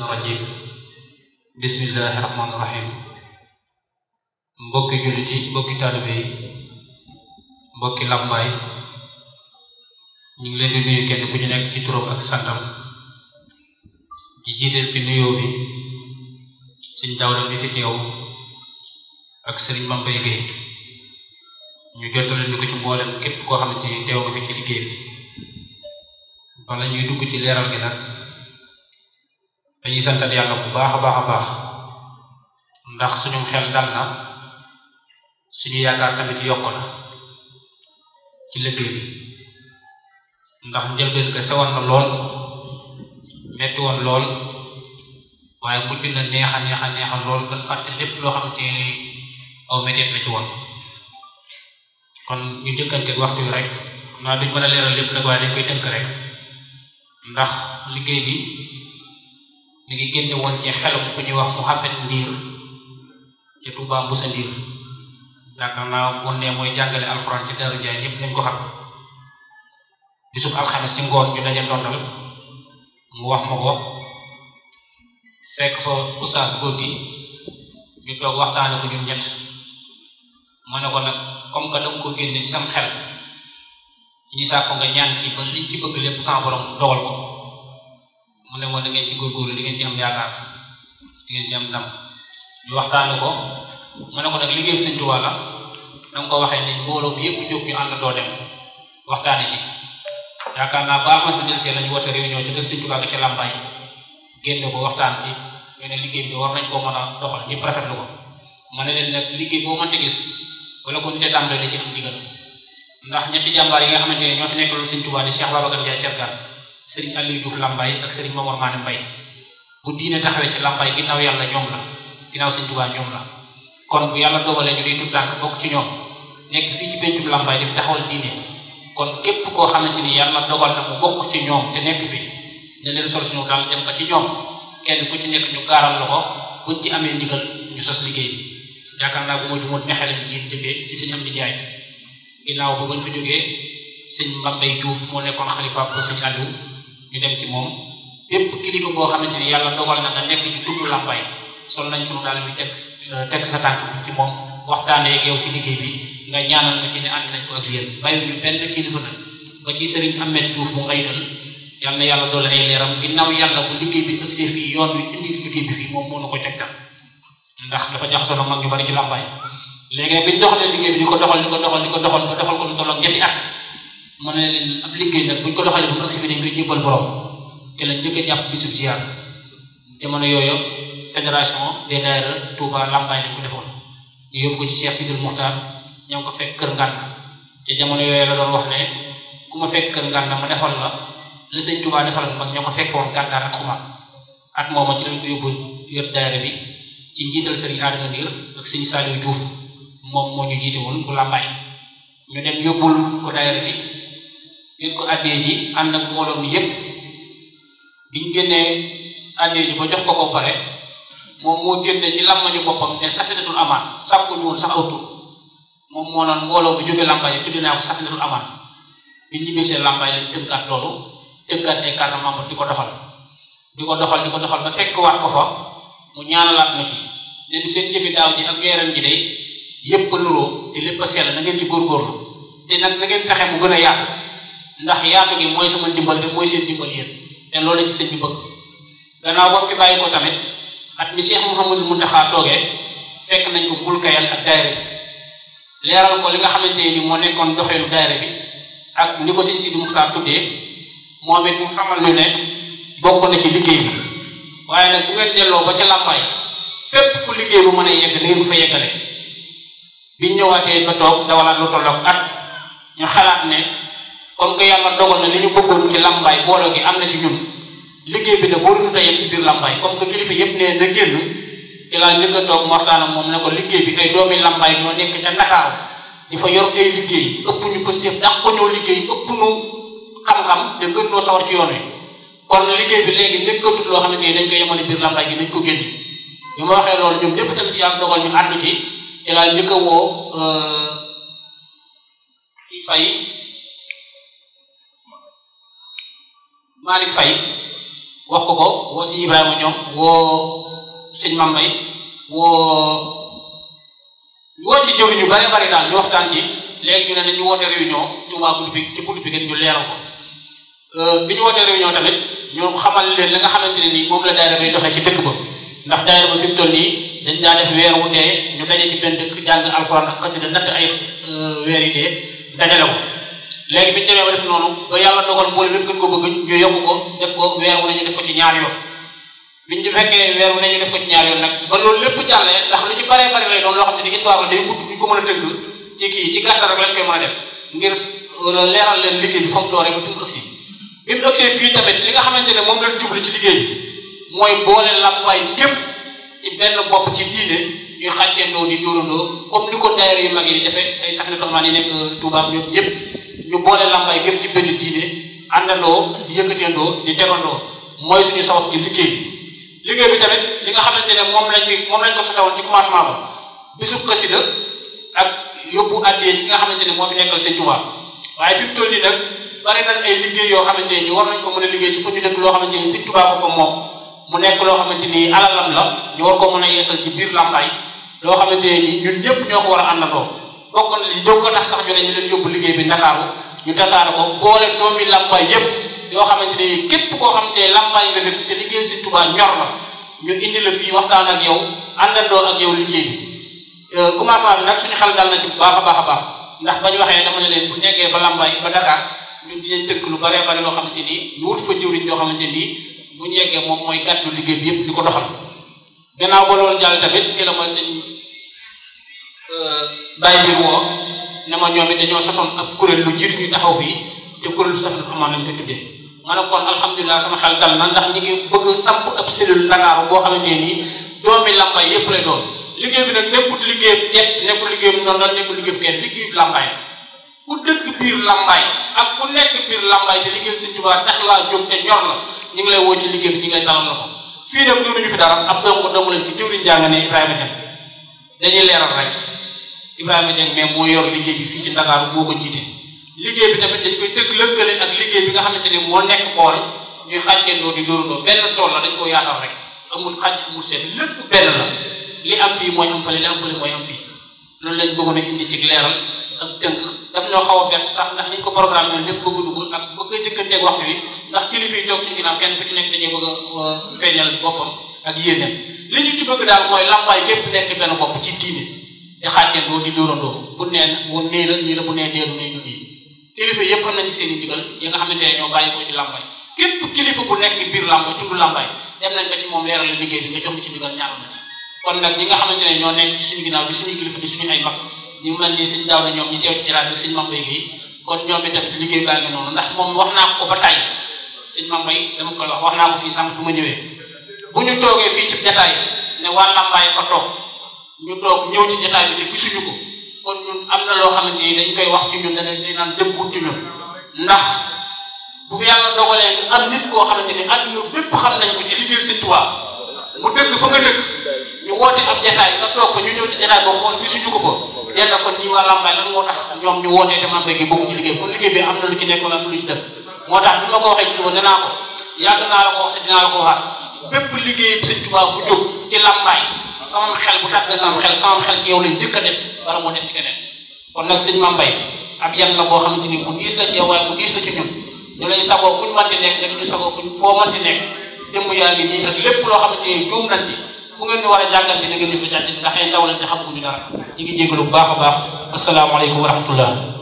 rajim bismillahi rahmaani rahim mbokki jullit yi mbokki taalibe mbokki làmbaay ñu ngi leen di nuyu kenn ku ñu nekk ci turam ak santam di jiital ci nuyoo bi sëñ Daawda mi fi teew ak sëriñ Mambay Gueye ñu jottale ni ko ci mboolem képp koo xamante ni teew nga fi ci liggéey bi bala ñuy dugg ci leeral gi nag dañuy santat yàlla bu baax a baax a baax ndax suñu xel dal na suñu yaakaar tamit yokk na ci liggéey bi ndax njëlbeen ka sewoon na lool metti woon lool waaye mujj na neexa neexa neexa lool ban fàtte lépp loo xamante ne duñ mën a leeral lépp nag waaye dañ koy tënk rek ndax liggéey bi mi ngi woon ci xelam ku ñuy wax Mouhamed Ndiir ci Touba Moussa Ndiir yaakaar naa bu ne mooy jàngale alxuraan ci Daaru Njaay ñëpp nañ ko xam bisub alxames ci ngoon ñu daje ndondal mu wax ma ko fekk fa oustaz góor gi ñu toog waxtaane ko ñun ñett ma ne ko nag comme que danga ko génne ci sam xel ñi saa ko nga ñaan ci bëgg lépp sama borom ko mu ne ma da ngeen ci góorgóorlu di ngeen ci am yaakaar di ngeen ko ma ne ko nag liggéey Sëñ Tuubaa la na nga ko waxee ni mbooloo bi yëpp jóg ñu ànd dem waxtaane ci yaakaar naa ba xas bi del see lañu woote réunion ci kër Sëñ waxtaan bi liggéey bi war nañ koo mën a doxal ñëpp rafetlu ma ne leen nag liggéey boo mënti gis wala ko nite tàmbale da ci am digal ndax ñetti yi nga xamante ne ñoo fi nekk loolu Sëñ Tuubaa di Cheikh Babacar Ndiaye sëriñ Aliou Diouf Lambaye ak sëriñ Momar Maane Mbaye bu diine taxawee ci Lambaye ginnaaw yàlla ñoom la ginnaaw sëñ Tuubaa ñoom la kon bu yàlla dogalee ñu di tudd tànk bokk ci ñoom nekk fii ci pencum Lambaye di fi taxawal diine kon képp koo xamante ni yàlla dogal na mu bokk ci ñoom te nekk fi ne leen sol suñu daal dem ba ci ñoom kenn ku ci nekk ñu gaaral loxo buñ ci amee ndigal ñu sos liggéey bi yaakaar naa bu ma jumoon mexe lañ jiit ci sëñ Amdi ginnaaw ba bañ fa jógee sëñ moo nekkoon xalifa ko sëñ Aliou ñu dem ci moom bépp kilifa boo xamante ni yàlla dogal na nga nekk ci tugg làmbaay sol nañ sunu daal bi euh, teg sa tànk bi ci moom waxtaanee ak yow ci liggéey bi nga ñaanal nga ci ne ànd nañ ko ak yéen bàyyi benn kilifa nag ba ci sëriñ Ahmed Diouf mu ngay dal yàlla na yàlla doole ay leeram ginnaaw yàlla bu liggéey bi ëgsee yoon wi indi bi fii moom moo nu ko tegtal ndax dafa jaxasoo nag mag ñu bari ci làmbaay léegi bi doxalee ko doxal di ko doxal di ko doxal ko lu tolloog ñetti at mu ne leen ab liggéey ko doxalee bu mu agsi fi dañ koy jébbal borom a jàpp bisub ziar jamono yooyu ko defoon ñu yóbbu ko ci Cheikh Sidil Muxtaar ñoo ko fekk kër ngànn jamono yooyu la doon wax ne ku ma fekk kër ngànn ma la la sëñ Touba defal ñoo ko fekk woon ak xumaan at mooma ci lañ ko yóbbu yor bi ci njiital sëriñ Adama Ndiir woon bu Lambaye ñu dem yóbbul ko daayira bi yët ko addee ji ànd ak mbooloo mi yépp biñ génnee addee ji ba jox ko ko pare moom moo génne ci làmmañu boppam ne safinatul amaan sàkku ñu woon sax aw moom moo naan mbooloo bi jóge làmbaay tudde naa ko safinatul amaan biñ ñibbisee làmbaay lañ tënkaat loolu tënkaat ay carte membre di ko doxal ko doxal ba fekk waat ko fa mu ñaanalaat na ci leen seen jëfi daaw ji ak weeram ji day yépp a nuroo te lépp a sell na ngeen ci góorgóorlu te nag na ngeen ndax yaatu gi mooy sama ndimbal te mooy seen ndimbal yéen te loolu ci sëñ bi bëgg gannaaw ba fi bàyyi ko tamit at mi Cheikh Mouhamadou Mountakha toogee fekk nañ ko bul kayal ak daayira bi leeral ko li nga xamante ni moo nekkoon doxeelu daayira bi ak ni ko sëñ Sidi Muxtaar tuddee moom it mu xamal ñu ne bokk na ci liggéey bi waaye nag bu ngeen delloo ba ca làmbaay fépp fu liggéey bu mën a yegg da ngeen fa yeggale biñ ñëwaatee ba toog dawalaat lu tolloog at ñu xalaat ne comme que yàlla dogal na li ñu bëggoon ci làmbaay booloo gi am na ci ñun liggéey bi nag waruñu tey yem biir làmbaay comme que kilifa ci laa njëkk a toog moom ne ko liggéey bi ay doomi làmbaay ñoo nekk ca Ndakaaru di fa yor ay liggéey ëpp ko ñoo liggéey ëpp xam-xam te gën yoon kon liggéey bi léegi nekkatul loo xamante ni dañ koy yemale biir làmbaay gi dañ ko génn bi ma waxee loolu ñoom ñëpp tamit yàlla ñu ànd ci laa njëkk a woo euh, kii fay Malick Faye wax ko ko woo si Ibrahima ñoom woo sëñ Mambay woo woo ci jëwriñ ñu bare bare ñu waxtaan ci léegi ñu ne bi ngeen ñu leeral ko euh, bi ñu wootee réunion tamit ñoom xamal leen la nga xamante ne nii moom la daayira bay doxee ci dëkk ba ndax daayira ba fi mu toll nii dañ daa def weer wu dee ñu daje ci benn dëkk jàng alxuraan ak xasida natt ay euh, weer yi dee dajale ko léegi bi ñu demee ba def noonu ba yàlla dogal mboole bi gën ko bëgg ñu yokk ko def ko weer wu ne ñu def ko ci ñaar yoon bi ñu fekkee weer wu def ko ci ñaar yoon nag ba loolu lépp jàllee ndax lu ci baree bari lay doon loo xam ne ni histoire la ñu ko mën a tëgg ci ci gàttal a def ngir leeral leen liggéey bi fa mu dooree ba fi mu ëgsi bi mu ëgsee fii tamit li nga xamante ne moom lañ jublu ci liggéey bi mooy boole làmbaay gépp ci benn bopp ci diine ñuy xàccee doo di dóorandoo comme ni ko daayira yu mag yi di defee ay sax ne toxmaan yi euh, ñu boole làmbaay yépp ci benn diine àndandoo di yëkkateendoo di tegandoo mooy suñu sabab ci liggéey bi liggéey bi tamit li nga xamante ne moom lañ ci moom lañ ko sosowoon ci commencement ba bisu xasida ak yóbbu àddee ci nga xamante ne moo fi nekkal seen Tuubaa waaye fi mu toll nii nag bari nañ ay liggéey yoo xamante ni war nañ ko mën a liggéey ci fu ñu dëkk loo xamante ni seen Tuubaa fa moom mu nekk loo xamante ni alalam la ñu war ko mën a yeesal ci biir làmbaay loo xamante ni ñun ñëpp ñoo ko war a àndandoo bokkoon li jóg ko tax sax ñu ne ñu leen yóbbu liggéey bi Ndakaaru ñu tasaare ko boole doomi làmbaay yépp yoo xamante ne képp koo te làmbaay nga dëkk te liggéey si Tuubaa ñor la ñu waxtaan ak yow àndandoo ak yow liggéey bi euh, commencement bi nag suñu xel dal na ci bu baax a baax a ndax ba ñu waxee dama ne leen bu nekkee ba làmbaay ba Dakar ñun dinañ dëkk lu bare bare loo xam xamante ni ñu wut fa jëwriñ yoo xamante ni bu ñu moom mooy gàddu liggéey bi yëpp di ko doxal gannaaw ba loolu jàll tamit ki mooy sëñ bàyyi bi woo ne ma ñoom it dañoo sosoon ak kuréel lu jiitu ñu taxaw fii te kuréel bu Safinatoul Amaan lañ koy tuddee ma a kon alhamdulilah sama xel dal na ndax ñi ngi bëgg samp ab cellule Ndakaaru boo xamante nii doomi Lambaye yépp lay doon liggéey bi nag nekkul liggéeyam cet nekkul liggéeyam noonu la nekkul liggéeyam kenn liggéeyam ñu ngi lay woo ci liggéey bi ñu ngi lay talal loxo fii dem diwluñu fi dara ab dong dong lañ fi ne Ibrahima Dem rek Ibrahima Dieng mais moo yor liggéey bi fii ci Ndakaaru moo ko jiite liggéey bi tamit dañ koy tëgg lëkkale ak liggéey bi nga xamante ni moo nekk bool ñuy xàccendoo di dóorandoo benn tool la dañ ko yaatal rek amul xàcc bu seet lépp benn la li am fii mooy am fële li am fële mooy am fii loolu lañ bëggoon a indi ci leeral ak tënk daf ñoo xaw a sax ndax niñ ko programme yoon lépp bëgg dugg ak bëgg a jëkkanteeg waxtu wi ndax kilifa yi toog suñu ginnaaw kenn ku ci nekk dañuy bëgg a euh, feeñal boppam ak yéene li ñu ci bëgg daal mooy làmbaay lépp nekk benn bopp ci diine di xàccandoo di dóorandoo bu neen bu nee nii yëpp am i digal yi nga xamante ne ñoo bàyyi ko ci làmbay képp kilifa bi nga kon nag ñi nga xamante ne ñoo nekk ci suñu ginnaaw di suñu na ñoom ñu teew ci rajo suñu mambay gi kon ñoom itam liggéey baa ngi noonu ndax moom wax naa ko ba tey suñu mambay dama koy wax wax naa ko fii sànq bu ma ñëwee bu ñu toogee fii ci jataay ne waa làmbaay fa toog ñu toog ñëw ci jotaay bi te gisuñu am na loo xamante ni dañ koy wax ci ñun danañ di naan dëggu ndax bu fi yàlla dogalee nga am nit koo xamante ni àdduna bépp xam nañ ko mu dëkk fa nga dëkk ñu woote ab toog fa ñu ñëw ci jotaay boo ko fa yàlla kon waa Lambaye lan moo ñoom ñu wootee te Mame Mbégué bokk ci liggéey kon lu ci nekk wala am na moo tax bi ma ko waxee ci suba ko naa ko wax te dinaa la ko waxaat bépp liggéey Sëñ Tuubaa bu jóg ci Lambaye sama xel bu tàbbee sama xel sama xel ci yow lañ jëkk a dem wala moo dem ci keneen kon nag sëñ yow la ci ñun ñu lay sagoo fuñ mën di nekk nga ñu di nekk jëmm yaa xamante ni juum nañ ci fu ngeen ñu war a jàngante ni ngeen ñu fi jàngante ndax ay ndaw lañ te xamaguñu dara ñu ngi jégalu baax a baax asalaamaaleykum wa rahmatullah